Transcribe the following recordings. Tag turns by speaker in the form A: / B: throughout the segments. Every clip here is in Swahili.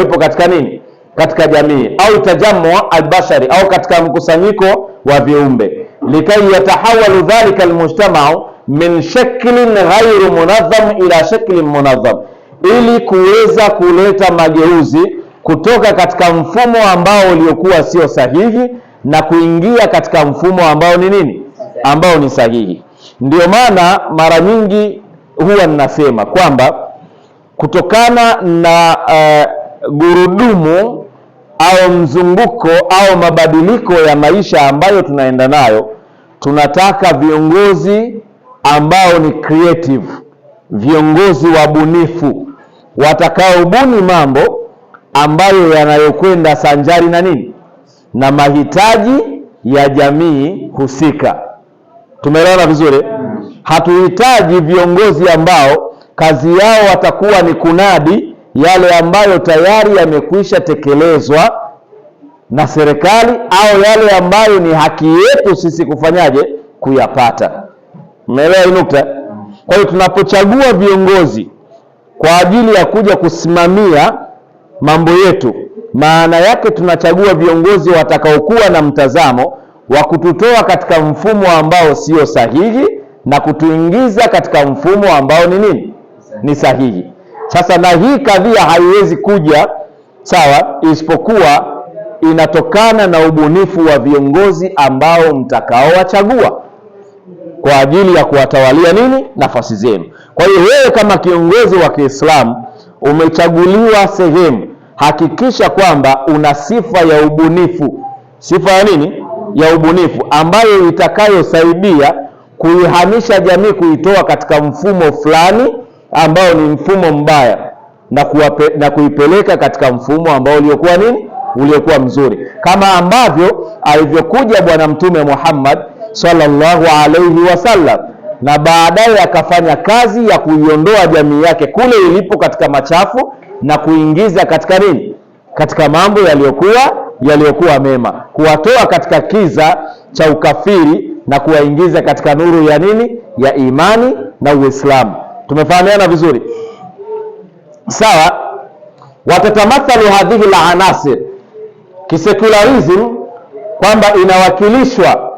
A: yupo katika nini? Katika jamii au tajamua albashari au katika mkusanyiko wa viumbe, likai yatahawalu dhalika almujtamau min shaklin ghairu munadham ila shaklin munadham, ili kuweza kuleta mageuzi kutoka katika mfumo ambao uliokuwa sio sahihi na kuingia katika mfumo ambao ni nini, ambao ni sahihi. Ndio maana mara nyingi huwa ninasema kwamba kutokana na uh, gurudumu au mzunguko au mabadiliko ya maisha ambayo tunaenda nayo, tunataka viongozi ambao ni creative, viongozi wabunifu watakaobuni mambo ambayo yanayokwenda sanjari na nini na mahitaji ya jamii husika. Tumeelewana vizuri? Hatuhitaji viongozi ambao kazi yao watakuwa ni kunadi yale ambayo tayari yamekwisha tekelezwa na serikali au yale ambayo ni haki yetu sisi kufanyaje kuyapata. Umeelewa hii nukta? Kwa hiyo tunapochagua viongozi kwa ajili ya kuja kusimamia mambo yetu, maana yake tunachagua viongozi watakaokuwa na mtazamo wa kututoa katika mfumo ambao sio sahihi na kutuingiza katika mfumo ambao ni nini, ni sahihi. Sasa na hii kadhia haiwezi kuja sawa, isipokuwa inatokana na ubunifu wa viongozi ambao mtakaowachagua kwa ajili ya kuwatawalia nini, nafasi zenu. Kwa hiyo wewe kama kiongozi wa Kiislamu umechaguliwa sehemu, hakikisha kwamba una sifa ya ubunifu. Sifa ya nini? Ya ubunifu ambayo itakayosaidia kuihamisha jamii, kuitoa katika mfumo fulani ambao ni mfumo mbaya na, kuwape, na kuipeleka katika mfumo ambao uliokuwa nini, uliokuwa mzuri, kama ambavyo alivyokuja Bwana Mtume Muhammad sallallahu alayhi wasallam na baadaye akafanya kazi ya kuiondoa jamii yake kule ilipo katika machafu na kuingiza katika nini, katika mambo yaliyokuwa yaliyokuwa mema, kuwatoa katika kiza cha ukafiri na kuwaingiza katika nuru ya nini, ya imani na Uislamu. Tumefahamiana vizuri sawa? watatamathalu hadhihi la anasir kisekularism, kwamba inawakilishwa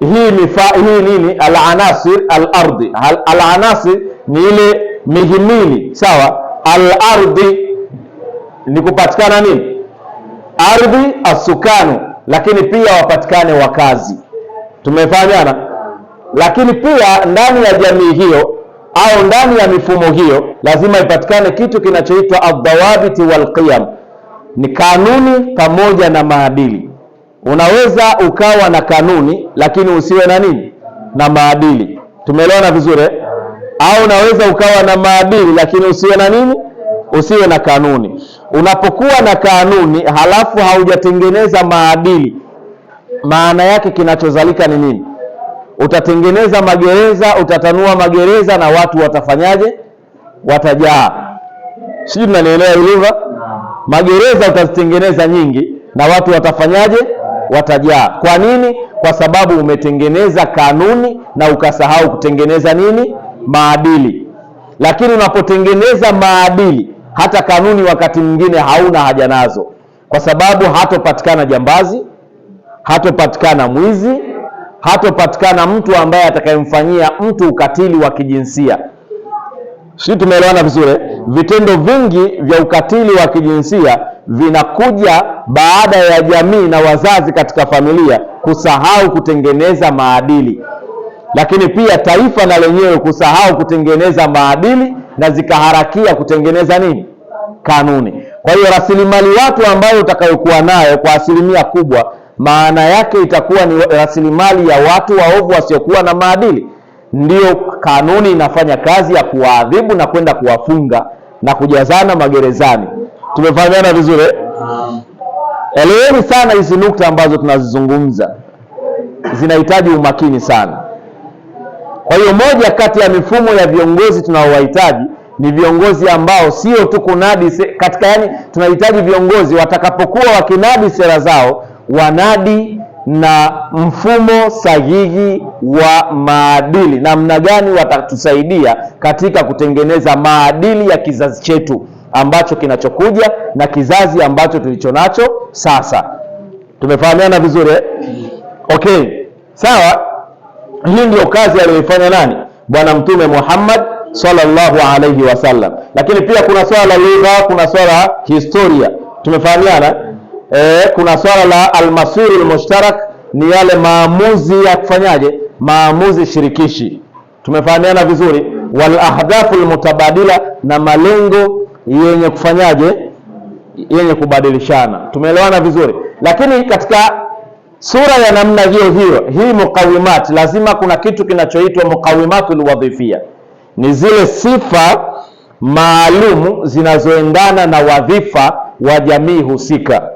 A: hii mifa, hii nini, alanasir alardi, alanasir ni ile mihimili sawa. Alardi ni kupatikana nini, ardhi, asukanu, lakini pia wapatikane wakazi. Tumefahamiana, lakini pia ndani ya jamii hiyo au ndani ya mifumo hiyo lazima ipatikane kitu kinachoitwa adhawabiti walqiyam, ni kanuni pamoja na maadili. Unaweza ukawa na kanuni lakini usiwe na nini, na maadili. Tumeelewana vizuri? Eh? Au unaweza ukawa na maadili lakini usiwe na nini, usiwe na kanuni. Unapokuwa na kanuni halafu haujatengeneza maadili, maana yake kinachozalika ni nini? Utatengeneza magereza, utatanua magereza na watu watafanyaje? Watajaa. Sijui mnanielewa hii lugha? Magereza utazitengeneza nyingi na watu watafanyaje? Watajaa. Kwa nini? Kwa sababu umetengeneza kanuni na ukasahau kutengeneza nini? Maadili. Lakini unapotengeneza maadili, hata kanuni wakati mwingine hauna haja nazo, kwa sababu hatopatikana jambazi, hatopatikana mwizi hatopatikana mtu ambaye atakayemfanyia mtu ukatili wa kijinsia. Sisi tumeelewana vizuri. Vitendo vingi vya ukatili wa kijinsia vinakuja baada ya jamii na wazazi katika familia kusahau kutengeneza maadili, lakini pia taifa na lenyewe kusahau kutengeneza maadili na zikaharakia kutengeneza nini, kanuni. Kwa hiyo rasilimali watu ambayo utakayokuwa nayo kwa asilimia kubwa maana yake itakuwa ni rasilimali ya watu waovu wasiokuwa na maadili. Ndiyo kanuni inafanya kazi ya kuwaadhibu na kwenda kuwafunga na kujazana magerezani. Tumefahamiana vizuri? Eh? Eleweni sana hizi nukta ambazo tunazizungumza, zinahitaji umakini sana. Kwa hiyo moja kati ya mifumo ya viongozi tunaowahitaji ni viongozi ambao sio tu kunadi katika, yani tunahitaji viongozi watakapokuwa wakinadi sera zao wanadi na mfumo sahihi wa maadili, namna gani watatusaidia katika kutengeneza maadili ya kizazi chetu ambacho kinachokuja na kizazi ambacho tulicho nacho sasa. Tumefahamiana vizuri eh? Okay, sawa. Hii ndio kazi aliyoifanya nani? Bwana Mtume Muhammad sallallahu alayhi wasallam. Lakini pia kuna swala la lugha, kuna swala historia. Tumefahamiana e, kuna swala la almasiri lmushtarak ni yale maamuzi ya kufanyaje, maamuzi shirikishi. Tumefahamiana vizuri, wal ahdafu lmutabadila, na malengo yenye kufanyaje, yenye kubadilishana. Tumeelewana vizuri, lakini katika sura ya namna hiyo hiyo hii muqawimat, lazima kuna kitu kinachoitwa muqawimatul wadhifia, ni zile sifa maalum zinazoendana na wadhifa wa jamii husika.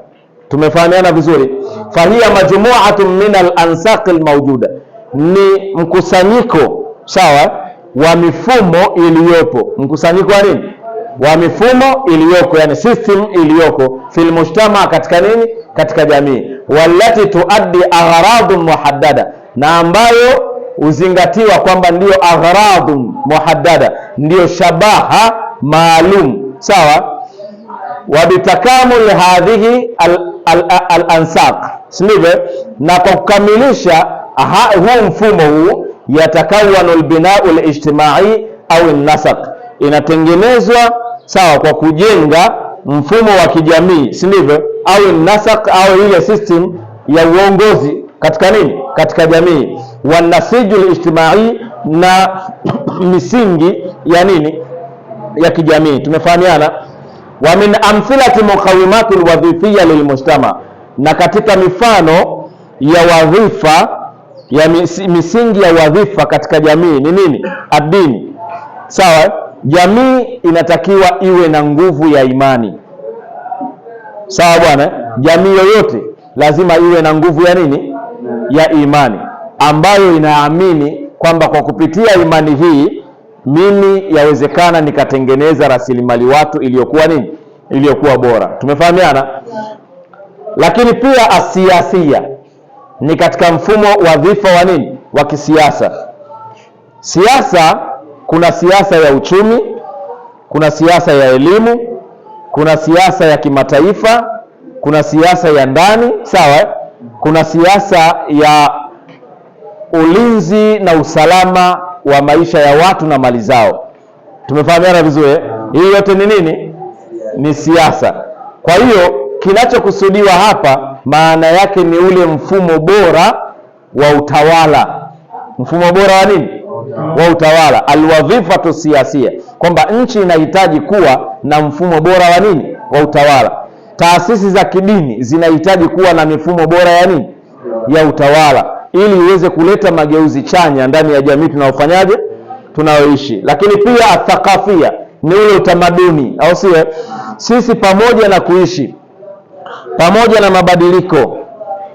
A: Tumefahamiana vizuri. Fahiya majmuatun min alansaqi almawjuda, ni mkusanyiko sawa wa mifumo iliyopo, mkusanyiko wa nini? Wa mifumo iliyoko, yani system iliyoko fil mujtama, katika nini? Katika jamii. Wallati tuaddi agharadun muhaddada, na ambayo huzingatiwa kwamba ndiyo agharadun muhaddada, ndiyo shabaha maalum sawa wa bitakamul hadhihi alansaq al, al, sivyo, na kwa kukamilisha huu mfumo huu yatakawanu lbinau lijtimai au nasaq, inatengenezwa sawa kwa kujenga mfumo wa kijamii si ndivyo? Au nasaq au ile system ya uongozi katika nini, katika jamii, wanasiju lijtimai, na misingi ya nini, ya kijamii. Tumefahamiana wa min amthilati muqawimati lwadhifiya lilmujtama, na katika mifano ya wadhifa ya misingi ya wadhifa katika jamii ni nini? Addini. Sawa, jamii inatakiwa iwe na nguvu ya imani. Sawa bwana, jamii yoyote lazima iwe na nguvu ya nini? Ya imani, ambayo inaamini kwamba kwa kupitia imani hii mimi yawezekana nikatengeneza rasilimali watu iliyokuwa nini, iliyokuwa bora. Tumefahamiana. Lakini pia asiasia ni katika mfumo wa dhifa wa nini, wa kisiasa. Siasa, kuna siasa ya uchumi, kuna siasa ya elimu, kuna siasa ya kimataifa, kuna siasa ya ndani, sawa. Kuna siasa ya ulinzi na usalama wa maisha ya watu na mali zao. Tumefahamiana vizuri? Eh? Hii yote ni nini? Ni siasa. Kwa hiyo kinachokusudiwa hapa, maana yake ni ule mfumo bora wa utawala. Mfumo bora wa nini? wa utawala, alwadhifatu siasia, kwamba nchi inahitaji kuwa na mfumo bora wa nini? wa utawala. Taasisi za kidini zinahitaji kuwa na mifumo bora ya nini? ya utawala ili iweze kuleta mageuzi chanya ndani ya jamii tunayofanyaje tunayoishi. Lakini pia athakafia ni ule utamaduni, au sio? Sisi pamoja na kuishi pamoja na mabadiliko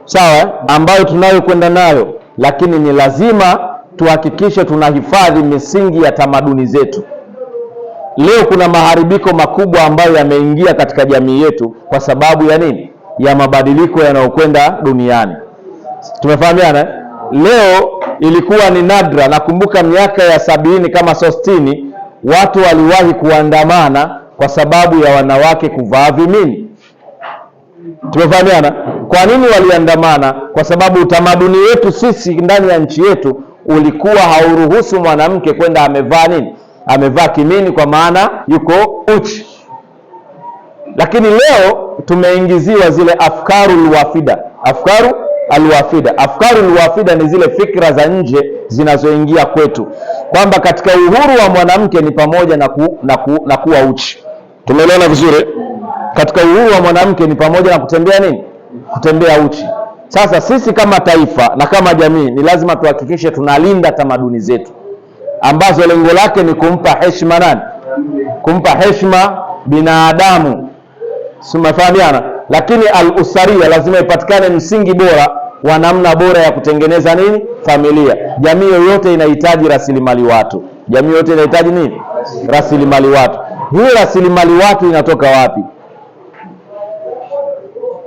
A: sawa, ambayo tunayokwenda nayo, lakini ni lazima tuhakikishe tunahifadhi misingi ya tamaduni zetu. Leo kuna maharibiko makubwa ambayo yameingia katika jamii yetu kwa sababu ya nini? Ya mabadiliko yanayokwenda duniani. Tumefahamiana eh? Leo ilikuwa ni nadra. Nakumbuka miaka ya sabini kama sostini, watu waliwahi kuandamana kwa sababu ya wanawake kuvaa vimini. Tumefahamiana. Kwa nini waliandamana? Kwa sababu utamaduni wetu sisi ndani ya nchi yetu ulikuwa hauruhusu mwanamke kwenda amevaa nini, amevaa kimini, kwa maana yuko uchi. Lakini leo tumeingiziwa zile afkaru lwafida, afkaru alwafida. Afkaru lwafida ni zile fikra za nje zinazoingia kwetu, kwamba katika uhuru wa mwanamke ni pamoja na, ku, na, ku, na kuwa uchi. Tumeelewana vizuri? Katika uhuru wa mwanamke ni pamoja na kutembea nini? Kutembea uchi. Sasa sisi kama taifa na kama jamii ni lazima tuhakikishe tunalinda tamaduni zetu ambazo lengo lake ni kumpa heshima nani? Kumpa heshima binadamu, simefahamiana lakini al-usaria lazima ipatikane msingi bora wa namna bora ya kutengeneza nini familia. Jamii yoyote inahitaji rasilimali watu, jamii yoyote inahitaji nini? Rasilimali watu. Hii rasilimali watu inatoka wapi?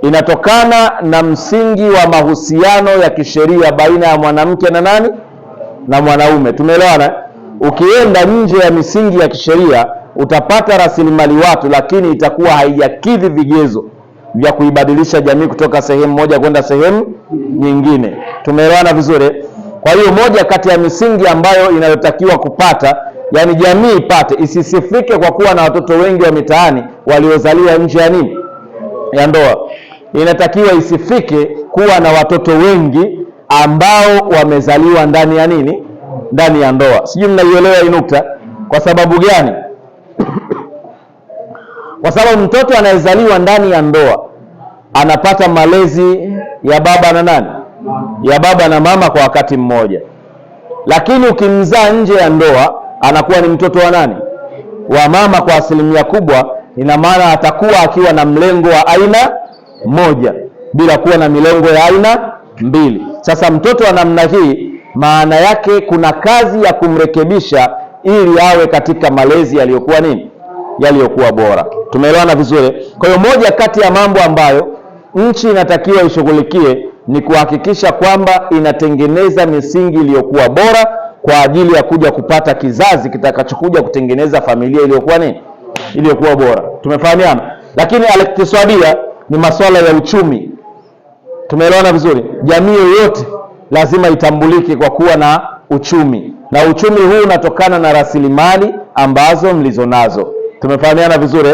A: Inatokana na msingi wa mahusiano ya kisheria baina ya mwanamke na nani na mwanaume. Tumeelewana? Ukienda nje ya misingi ya kisheria utapata rasilimali watu, lakini itakuwa haijakidhi vigezo vya kuibadilisha jamii kutoka sehemu moja kwenda sehemu nyingine. Tumeelewana vizuri? Kwa hiyo moja kati ya misingi ambayo inayotakiwa kupata, yani jamii ipate, isisifike kwa kuwa na watoto wengi wa mitaani waliozaliwa nje ya nini, ya ndoa. Inatakiwa isifike kuwa na watoto wengi ambao wamezaliwa ndani ya nini, ndani ya ndoa. Sijui mnaielewa hii nukta. Kwa sababu gani? kwa sababu mtoto anayezaliwa ndani ya ndoa anapata malezi ya baba na nani, ya baba na mama kwa wakati mmoja, lakini ukimzaa nje ya ndoa anakuwa ni mtoto wa nani, wa mama kwa asilimia kubwa. Ina maana atakuwa akiwa na mlengo wa aina moja bila kuwa na milengo ya aina mbili. Sasa mtoto wa namna hii, maana yake kuna kazi ya kumrekebisha ili awe katika malezi yaliyokuwa nini yaliyokuwa bora. Tumeelewana vizuri? Kwa hiyo moja kati ya mambo ambayo nchi inatakiwa ishughulikie ni kuhakikisha kwamba inatengeneza misingi iliyokuwa bora kwa ajili ya kuja kupata kizazi kitakachokuja kutengeneza familia iliyokuwa nini, iliyokuwa bora. Tumefahamiana? Lakini alikiswadia ni masuala ya uchumi. Tumeelewana vizuri? Jamii yoyote lazima itambulike kwa kuwa na uchumi, na uchumi huu unatokana na rasilimali ambazo mlizonazo. Tumefahamiana vizuri.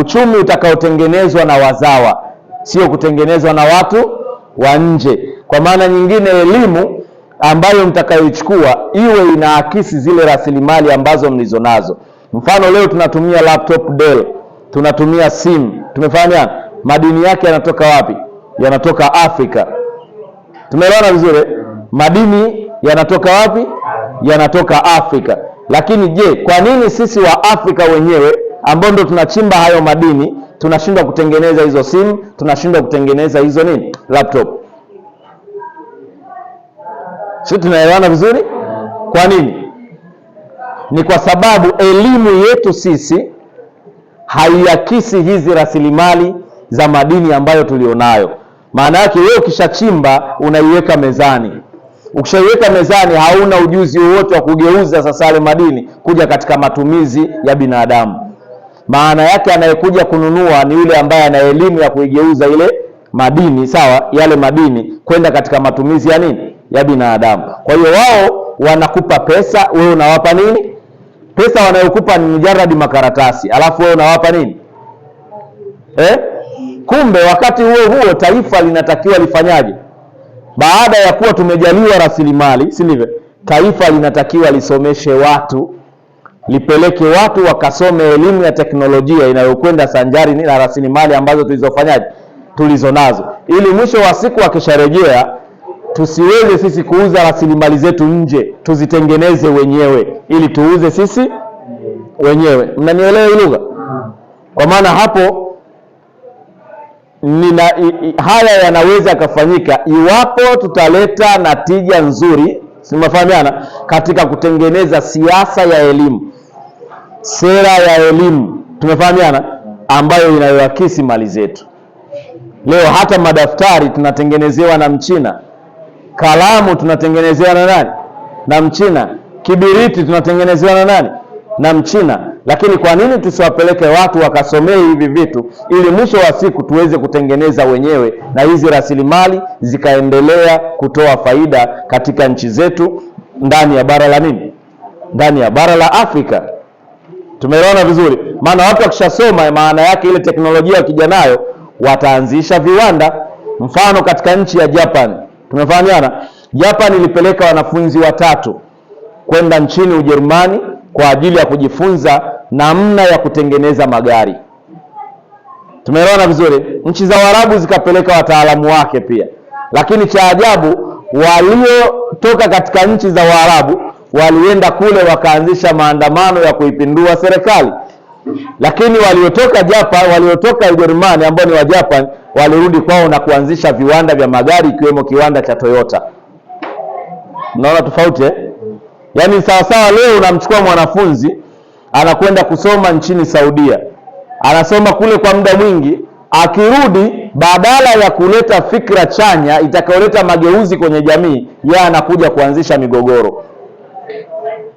A: Uchumi utakaotengenezwa na wazawa, sio kutengenezwa na watu wa nje. Kwa maana nyingine, elimu ambayo mtakayoichukua iwe inaakisi zile rasilimali ambazo mlizonazo. Mfano, leo tunatumia laptop Dell, tunatumia simu. Tumefahamiana, madini yake yanatoka wapi? Yanatoka Afrika. Tumeelewana vizuri. Madini yanatoka wapi? Yanatoka Afrika. Lakini je, kwa nini sisi wa Afrika wenyewe ambao ndo tunachimba hayo madini tunashindwa kutengeneza hizo simu, tunashindwa kutengeneza hizo nini, laptop? Sisi tunaelewana vizuri. Kwa nini? Ni kwa sababu elimu yetu sisi haiakisi hizi rasilimali za madini ambayo tulionayo. Maana yake wewe ukishachimba unaiweka mezani. Ukishaiweka mezani, hauna ujuzi wowote wa kugeuza sasa yale madini kuja katika matumizi ya binadamu. Maana yake anayekuja kununua ni yule ambaye ana elimu ya kuigeuza ile madini sawa, yale madini kwenda katika matumizi ya nini, ya binadamu. Kwa hiyo wao wanakupa pesa, wewe unawapa nini? Pesa wanayokupa ni mujaradi makaratasi, alafu wewe unawapa nini eh? Kumbe wakati huo huo taifa linatakiwa lifanyaje? baada ya kuwa tumejaliwa rasilimali, si ndivyo? Taifa linatakiwa lisomeshe watu, lipeleke watu wakasome elimu ya teknolojia inayokwenda sanjari na rasilimali ambazo tulizofanyaje tulizonazo, ili mwisho wa siku akisharejea tusiweze sisi kuuza rasilimali zetu nje, tuzitengeneze wenyewe ili tuuze sisi wenyewe. Mnanielewa hii lugha? Kwa maana hapo nina, i, haya yanaweza yakafanyika iwapo tutaleta natija nzuri, simefahamiana, katika kutengeneza siasa ya elimu, sera ya elimu, tumefahamiana, ambayo inayoakisi mali zetu. Leo hata madaftari tunatengenezewa na Mchina, kalamu tunatengenezewa na nani? Na Mchina. Kibiriti tunatengenezewa na nani? Na Mchina. Lakini kwa nini tusiwapeleke watu wakasomee hivi vitu ili mwisho wa siku tuweze kutengeneza wenyewe na hizi rasilimali zikaendelea kutoa faida katika nchi zetu ndani ya bara la nini? Ndani ya bara la Afrika. Tumeona vizuri, maana watu wakishasoma, maana yake ile teknolojia wakija nayo wataanzisha viwanda. Mfano katika nchi ya Japan, tumefahamiana, Japan ilipeleka wanafunzi watatu kwenda nchini Ujerumani kwa ajili ya kujifunza namna ya kutengeneza magari. Tumeelewana vizuri? Nchi za Waarabu zikapeleka wataalamu wake pia, lakini cha ajabu waliotoka katika nchi za Waarabu walienda kule wakaanzisha maandamano ya kuipindua serikali, lakini waliotoka Japan, waliotoka Ujerumani ambao ni wa Japan walirudi kwao na kuanzisha viwanda vya magari ikiwemo kiwanda cha Toyota. Unaona tofauti eh? Yaani sawasawa, leo unamchukua mwanafunzi anakwenda kusoma nchini Saudia, anasoma kule kwa muda mwingi, akirudi, badala ya kuleta fikra chanya itakayoleta mageuzi kwenye jamii, yeye anakuja kuanzisha migogoro.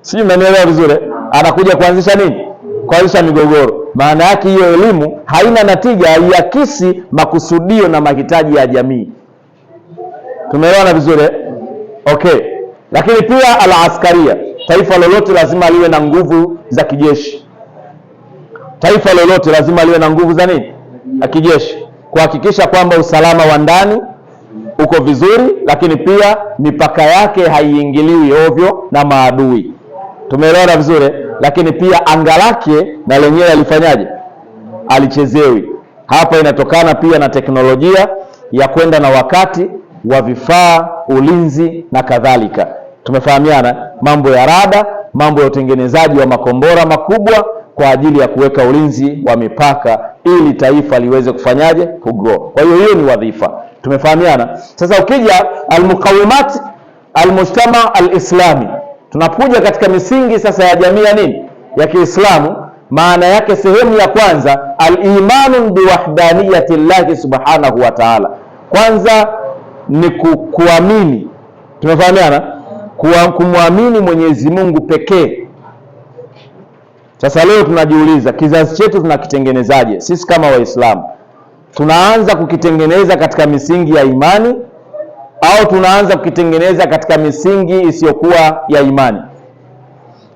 A: Si mmenielewa vizuri? Anakuja kuanzisha nini? Kuanzisha migogoro. Maana yake hiyo elimu haina natija, haiakisi makusudio na mahitaji ya jamii. Tumeelewana vizuri? Eh? Okay. Lakini pia al-askaria, taifa lolote lazima liwe na nguvu za kijeshi. Taifa lolote lazima liwe na nguvu za nini? Za kijeshi, kuhakikisha kwamba usalama wa ndani uko vizuri, lakini pia mipaka yake haiingiliwi ovyo na maadui. Tumeelewana vizuri? Lakini pia anga lake na lenyewe alifanyaje? Alichezewi. Hapa inatokana pia na teknolojia ya kwenda na wakati wa vifaa, ulinzi na kadhalika. Tumefahamiana mambo ya rada, mambo ya utengenezaji wa makombora makubwa kwa ajili ya kuweka ulinzi wa mipaka ili taifa liweze kufanyaje? Kugrow. Kwa hiyo hiyo ni wadhifa, tumefahamiana. Sasa ukija almuqawimat almujtama alislami, tunakuja katika misingi sasa ya jamii ya nini ya Kiislamu. Maana yake sehemu ya kwanza alimanu biwahdaniyati llahi subhanahu wa taala, kwanza ni ku, kuamini. Tumefahamiana kumwamini Mwenyezi Mungu pekee. Sasa leo tunajiuliza kizazi chetu tunakitengenezaje? Sisi kama Waislamu tunaanza kukitengeneza katika misingi ya imani au tunaanza kukitengeneza katika misingi isiyokuwa ya imani?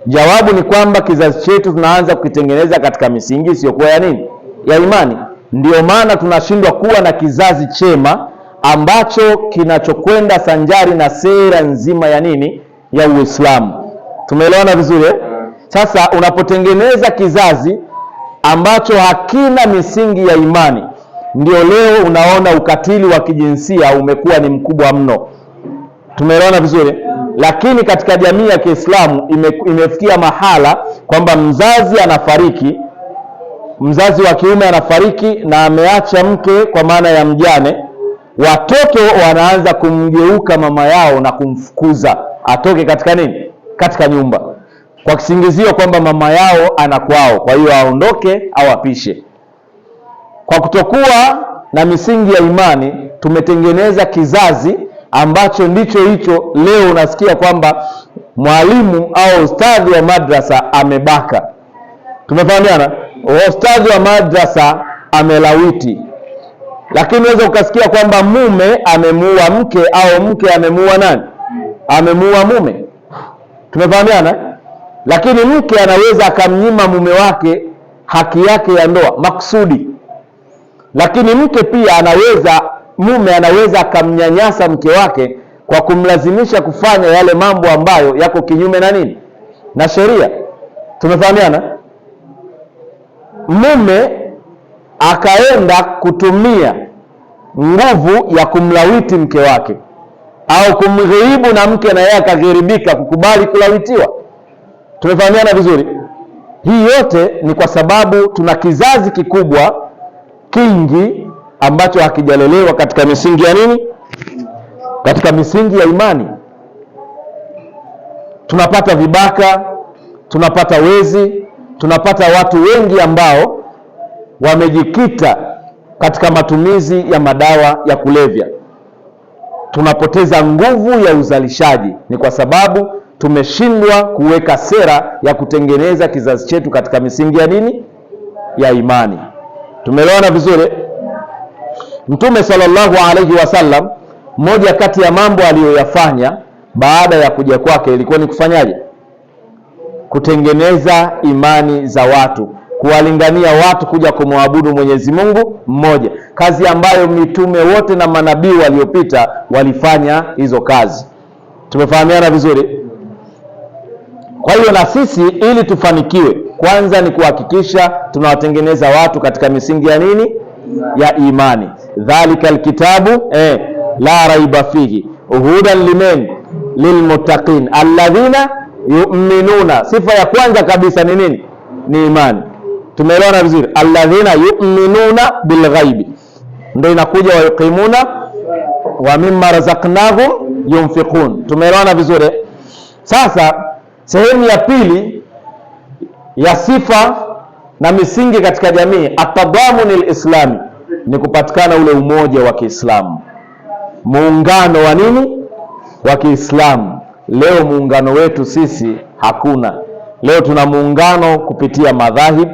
A: Jawabu ni kwamba kizazi chetu tunaanza kukitengeneza katika misingi isiyokuwa ya nini? Ya imani. Ndiyo maana tunashindwa kuwa na kizazi chema ambacho kinachokwenda sanjari na sera nzima ya nini ya Uislamu. Tumeelewana vizuri eh? Sasa unapotengeneza kizazi ambacho hakina misingi ya imani, ndio leo unaona ukatili wa kijinsia umekuwa ni mkubwa mno. Tumeelewana vizuri lakini katika jamii ya Kiislamu ime, imefikia mahala kwamba mzazi anafariki, mzazi wa kiume anafariki na ameacha mke kwa maana ya mjane watoto wanaanza kumgeuka mama yao na kumfukuza atoke katika nini, katika nyumba, kwa kisingizio kwamba mama yao ana kwao, kwa hiyo aondoke au apishe. Kwa kutokuwa na misingi ya imani, tumetengeneza kizazi ambacho ndicho hicho. Leo unasikia kwamba mwalimu au ustadhi wa madrasa amebaka, tumefahamiana, ustadhi wa madrasa amelawiti lakini unaweza ukasikia kwamba mume amemuua mke au mke amemuua nani, amemuua mume. Tumefahamiana. Lakini mke anaweza akamnyima mume wake haki yake ya ndoa maksudi, lakini mke pia anaweza, mume anaweza akamnyanyasa mke wake kwa kumlazimisha kufanya yale mambo ambayo yako kinyume na nini, na sheria. Tumefahamiana. Mume akaenda kutumia nguvu ya kumlawiti mke wake au kumghiribu na mke na yeye akaghiribika, kukubali kulawitiwa. Tumefahamiana vizuri? Hii yote ni kwa sababu tuna kizazi kikubwa kingi ambacho hakijalelewa katika misingi ya nini? Katika misingi ya imani. Tunapata vibaka, tunapata wezi, tunapata watu wengi ambao wamejikita katika matumizi ya madawa ya kulevya, tunapoteza nguvu ya uzalishaji. Ni kwa sababu tumeshindwa kuweka sera ya kutengeneza kizazi chetu katika misingi ya nini? Ya imani. Tumeelewana vizuri? Mtume sallallahu alaihi wasallam, moja kati ya mambo aliyoyafanya baada ya kuja kwake ilikuwa ni kufanyaje? Kutengeneza imani za watu kuwalingania watu kuja kumwabudu Mwenyezi Mungu mmoja, kazi ambayo mitume wote na manabii waliopita walifanya hizo kazi. Tumefahamiana vizuri? Kwa hiyo na sisi ili tufanikiwe, kwanza ni kuhakikisha tunawatengeneza watu katika misingi ya nini? Ya imani. Dhalika alkitabu eh, la raiba fihi hudan limen lilmuttaqin alladhina yu'minuna. Sifa ya kwanza kabisa ni nini? Ni imani. Tumeelewana vizuri, alladhina yu'minuna bilghaibi, ndio inakuja wa yuqimuna wa mimma razaqnahum yunfiqun. Tumeelewana vizuri. Sasa sehemu ya pili ya sifa na misingi katika jamii, atadamuni lislami, ni kupatikana ule umoja wa Kiislamu, muungano wa nini wa Kiislamu. Leo muungano wetu sisi hakuna. Leo tuna muungano kupitia madhahib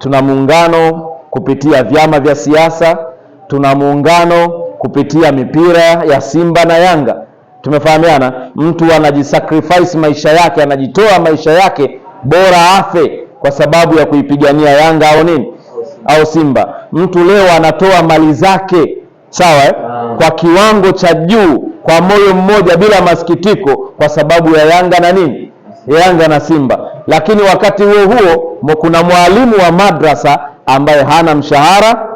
A: tuna muungano kupitia vyama vya siasa, tuna muungano kupitia mipira ya Simba na Yanga. Tumefahamiana, mtu anajisacrifice maisha yake, anajitoa maisha yake, bora afe kwa sababu ya kuipigania Yanga au nini au Simba. Mtu leo anatoa mali zake sawa, eh? Ah. kwa kiwango cha juu, kwa moyo mmoja, bila masikitiko, kwa sababu ya Yanga na nini Yanga na Simba, lakini wakati huo huo kuna mwalimu wa madrasa ambaye hana mshahara,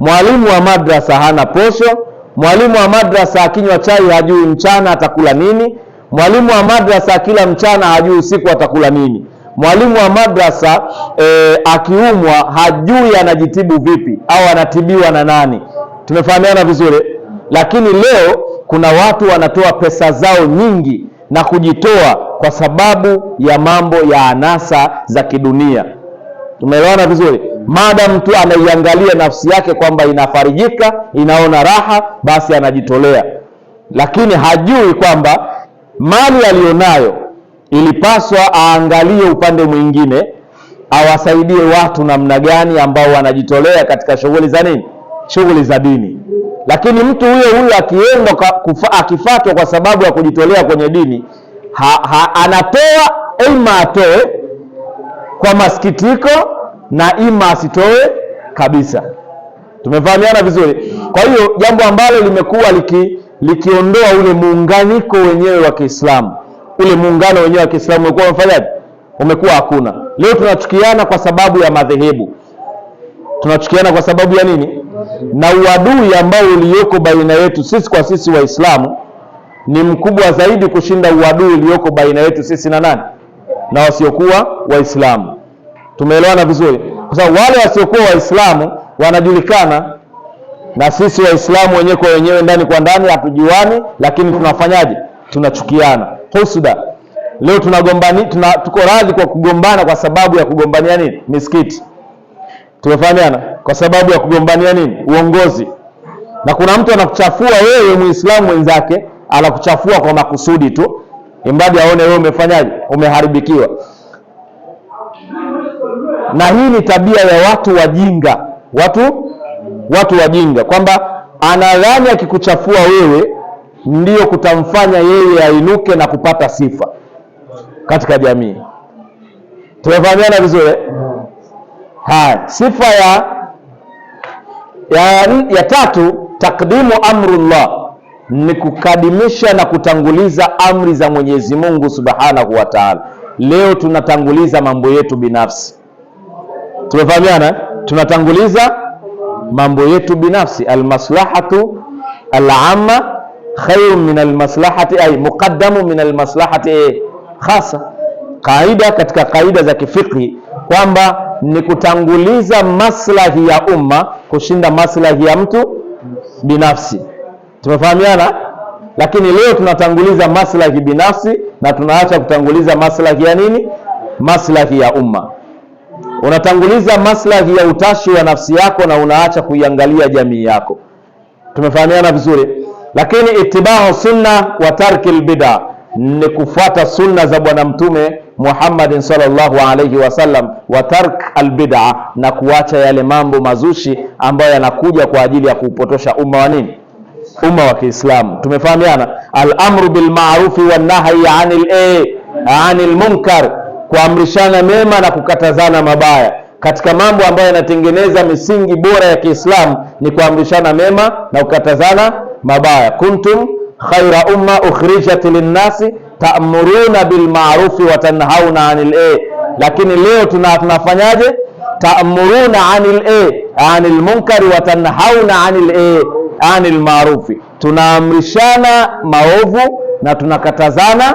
A: mwalimu wa madrasa hana posho, mwalimu wa madrasa akinywa chai hajui mchana atakula nini, mwalimu wa madrasa kila mchana hajui usiku atakula nini, mwalimu wa madrasa e, akiumwa hajui anajitibu vipi au anatibiwa na nani. Tumefahamiana vizuri? Lakini leo kuna watu wanatoa pesa zao nyingi na kujitoa kwa sababu ya mambo ya anasa za kidunia. Tumeelewana vizuri? maada mtu anaiangalia nafsi yake kwamba inafarijika, inaona raha, basi anajitolea, lakini hajui kwamba mali aliyonayo ilipaswa aangalie upande mwingine, awasaidie watu namna gani ambao wanajitolea katika shughuli za nini, shughuli za dini lakini mtu huyo huyo akiendwa akifatwa kwa sababu ya kujitolea kwenye dini ha, ha, anatoa ima atoe kwa masikitiko na ima asitoe kabisa. Tumefahamiana vizuri? Kwa hiyo jambo ambalo limekuwa liki, likiondoa ule muunganiko wenyewe wa Kiislamu, ule muungano wenyewe wa Kiislamu umekuwa umefanyaje? Umekuwa hakuna. Leo tunachukiana kwa sababu ya madhehebu, tunachukiana kwa sababu ya nini? na uadui ambao ulioko baina yetu sisi kwa sisi Waislamu ni mkubwa zaidi kushinda uadui ulioko baina yetu sisi na nani na wasiokuwa Waislamu. Tumeelewana vizuri, kwa sababu wale wasiokuwa Waislamu wanajulikana na sisi Waislamu wenyewe kwa wenyewe, ndani kwa ndani hatujuani, lakini tunafanyaje? Tunachukiana husuda. Leo tunagombani, tuna, tuko radhi kwa kugombana kwa sababu ya kugombania nini? Misikiti. Tumefahamiana kwa sababu ya kugombania nini? Uongozi. Na kuna mtu anakuchafua wewe Muislamu mwenzake, anakuchafua kwa makusudi tu, imradi aone wewe umefanyaje, umeharibikiwa. Na hii ni tabia ya watu wajinga, watu watu wajinga, kwamba anadhani akikuchafua wewe ndio kutamfanya yeye ainuke na kupata sifa katika jamii. Tumefahamiana vizuri. Eh? Haya, sifa ya, ya, ya tatu takdimu amrullah ni kukadimisha na kutanguliza amri za Mwenyezi Mungu Subhanahu wa Ta'ala. Leo tunatanguliza mambo yetu binafsi, tumefahamiana? Tunatanguliza mambo yetu binafsi, almaslahatu alama khairu min almaslahati ay muqaddamu min almaslahati eh, khasa, kaida katika kaida za kifiqhi kwamba ni kutanguliza maslahi ya umma kushinda maslahi ya mtu binafsi. Tumefahamiana? Lakini leo tunatanguliza maslahi binafsi na tunaacha kutanguliza maslahi ya nini? Maslahi ya umma. Unatanguliza maslahi ya utashi wa nafsi yako na unaacha kuiangalia jamii yako. Tumefahamiana vizuri? Lakini itibahu sunna wa tarkil bid'a ni kufuata sunna za Bwana Mtume Muhammadin sallallahu alaihi wasallam wa tark albid'a, na kuacha yale mambo mazushi ambayo yanakuja kwa ajili ya kuupotosha umma wa nini, umma wa Kiislamu. Tumefahamiana, al-amru bil ma'rufi wan nahyi 'anil e, 'anil munkar, kuamrishana mema na kukatazana mabaya. Katika mambo ambayo yanatengeneza misingi bora ya Kiislamu ni kuamrishana mema na kukatazana mabaya. kuntum khaira umma ukhrijat linnasi ta'muruna bil ma'rufi wa tanhauna 'anil a, lakini leo tuna tunafanyaje? ta'muruna 'anil a, 'anil munkari wa tanhauna 'anil a, 'anil ma'rufi, tunaamrishana maovu na tunakatazana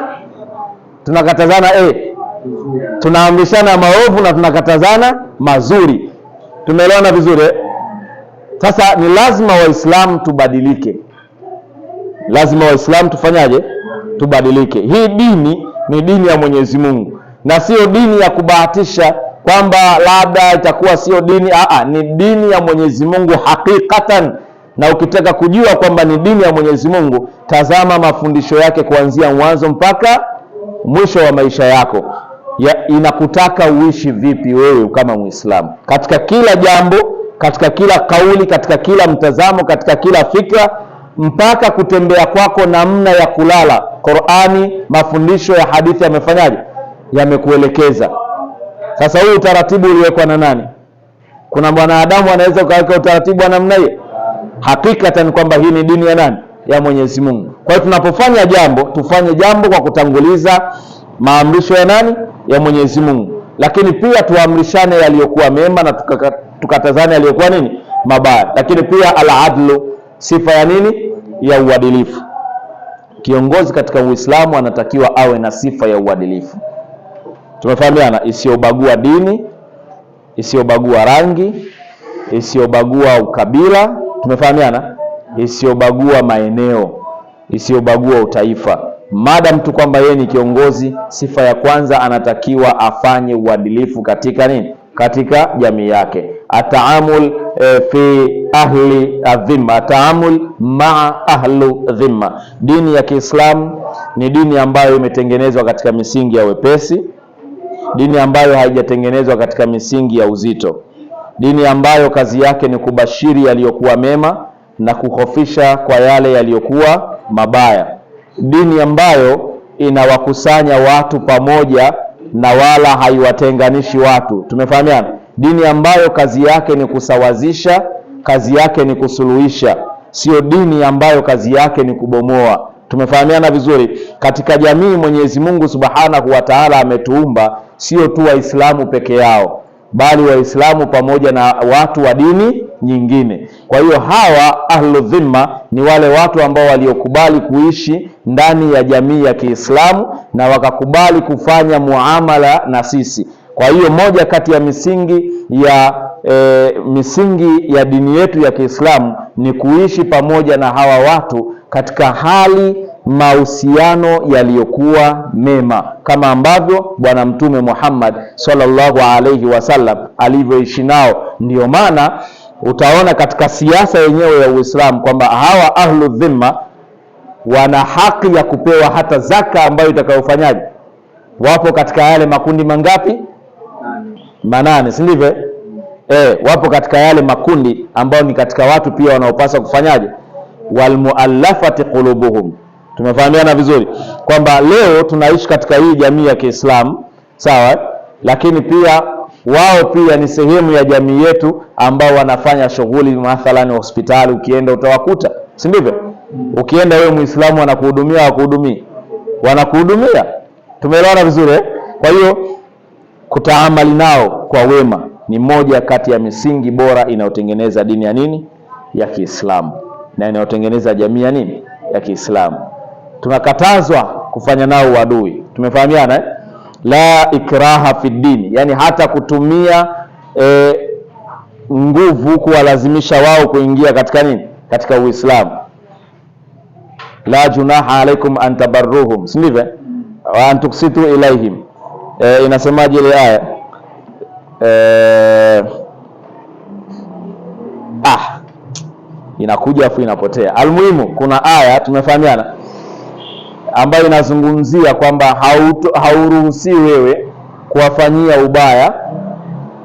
A: tunakatazana e, tunaamrishana maovu na tunakatazana mazuri. Tumeelewana vizuri? Eh? Sasa ni lazima Waislamu tubadilike, lazima Waislamu tufanyaje? tubadilike. Hii dini ni dini ya Mwenyezi Mungu na siyo dini ya kubahatisha kwamba labda itakuwa sio dini. Aa, ni dini ya Mwenyezi Mungu hakikatan. Na ukitaka kujua kwamba ni dini ya Mwenyezi Mungu, tazama mafundisho yake kuanzia mwanzo mpaka mwisho wa maisha yako ya, inakutaka uishi vipi wewe kama Muislamu katika kila jambo, katika kila kauli, katika kila mtazamo, katika kila fikra, mpaka kutembea kwako, namna ya kulala Qur'ani, mafundisho ya hadithi yamefanyaje? Yamekuelekeza. Sasa huu utaratibu uliwekwa na nani? Kuna mwanadamu anaweza ukaweka utaratibu wa namna hiyo? Hakikatan kwamba hii ni dini ya nani? Ya Mwenyezi Mungu. Kwa hiyo tunapofanya jambo tufanye jambo kwa kutanguliza maamrisho ya nani? Ya Mwenyezi Mungu, lakini pia tuamrishane yaliyokuwa mema na tukatazane yaliyokuwa nini? Mabaya. Lakini pia al-adlu, sifa ya nini? Ya uadilifu. Kiongozi katika Uislamu anatakiwa awe na sifa ya uadilifu, tumefahamiana, isiyobagua dini, isiyobagua rangi, isiyobagua ukabila, tumefahamiana, isiyobagua maeneo, isiyobagua utaifa. Madam tu kwamba yeye ni kiongozi, sifa ya kwanza anatakiwa afanye uadilifu katika nini? Katika jamii yake ataamul e, eh, fi ahli dhimma, taamul maa ahlu dhimma. Dini ya Kiislamu ni dini ambayo imetengenezwa katika misingi ya wepesi, dini ambayo haijatengenezwa katika misingi ya uzito, dini ambayo kazi yake ni kubashiri yaliyokuwa mema na kuhofisha kwa yale yaliyokuwa mabaya, dini ambayo inawakusanya watu pamoja na wala haiwatenganishi watu. Tumefahamiana? Dini ambayo kazi yake ni kusawazisha kazi yake ni kusuluhisha, sio dini ambayo kazi yake ni kubomoa. Tumefahamiana vizuri. Katika jamii Mwenyezi Mungu Subhanahu wa Ta'ala ametuumba sio tu Waislamu peke yao, bali Waislamu pamoja na watu wa dini nyingine. Kwa hiyo hawa ahlu dhimma ni wale watu ambao waliokubali kuishi ndani ya jamii ya Kiislamu na wakakubali kufanya muamala na sisi kwa hiyo moja kati ya misingi ya e, misingi ya dini yetu ya Kiislamu ni kuishi pamoja na hawa watu katika hali mahusiano yaliyokuwa mema kama ambavyo Bwana Mtume Muhammad sallallahu alayhi wasallam alivyoishi nao. Ndiyo maana utaona katika siasa yenyewe ya Uislamu kwamba hawa ahlu dhimma wana haki ya kupewa hata zaka ambayo itakayofanyaje, wapo katika yale makundi mangapi? manane, si ndivyo? Eh, wapo katika yale makundi ambao ni katika watu pia wanaopaswa kufanyaje? Walmuallafati qulubuhum. Tumefahamiana vizuri kwamba leo tunaishi katika hii jamii ya Kiislamu, sawa, lakini pia wao pia ni sehemu ya jamii yetu ambao wanafanya shughuli mathalani hospitali, ukienda utawakuta, si ndivyo? Ukienda wewe Muislamu wanakuhudumia, wakuhudumia, wanakuhudumia. Tumeelewana vizuri eh? Kwa hiyo Kutaamali nao kwa wema ni moja kati ya misingi bora inayotengeneza dini ya nini ya Kiislamu na inayotengeneza jamii ya nini ya Kiislamu. Tunakatazwa kufanya nao uadui, tumefahamiana eh? La ikraha fi dini, yani hata kutumia eh, nguvu kuwalazimisha wao kuingia katika nini katika Uislamu. La junaha alaikum antabarruhum, si ndivyo? Eh? Wa antuksitu ilaihim e, inasemaje ile aya e, ah, inakuja afu inapotea. Almuhimu, kuna aya tumefahamiana, ambayo inazungumzia kwamba hauruhusi wewe kuwafanyia ubaya,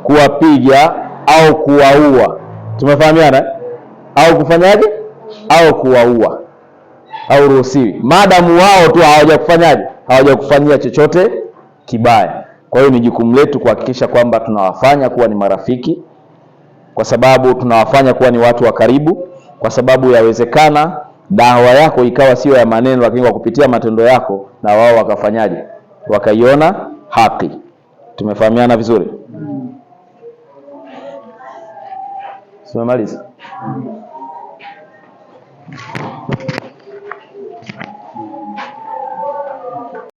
A: kuwapiga au kuwaua. Tumefahamiana eh? au kufanyaje au kuwaua, hauruhusiwi madamu wao tu hawajakufanyaje, hawajakufanyia chochote kibaya. Kwa hiyo ni jukumu letu kuhakikisha kwamba tunawafanya kuwa ni marafiki, kwa sababu tunawafanya kuwa ni watu wa karibu, kwa sababu yawezekana dawa yako ikawa sio ya maneno, lakini kwa kupitia matendo yako na wao wakafanyaje, wakaiona haki. Tumefahamiana vizuri? Tumemaliza.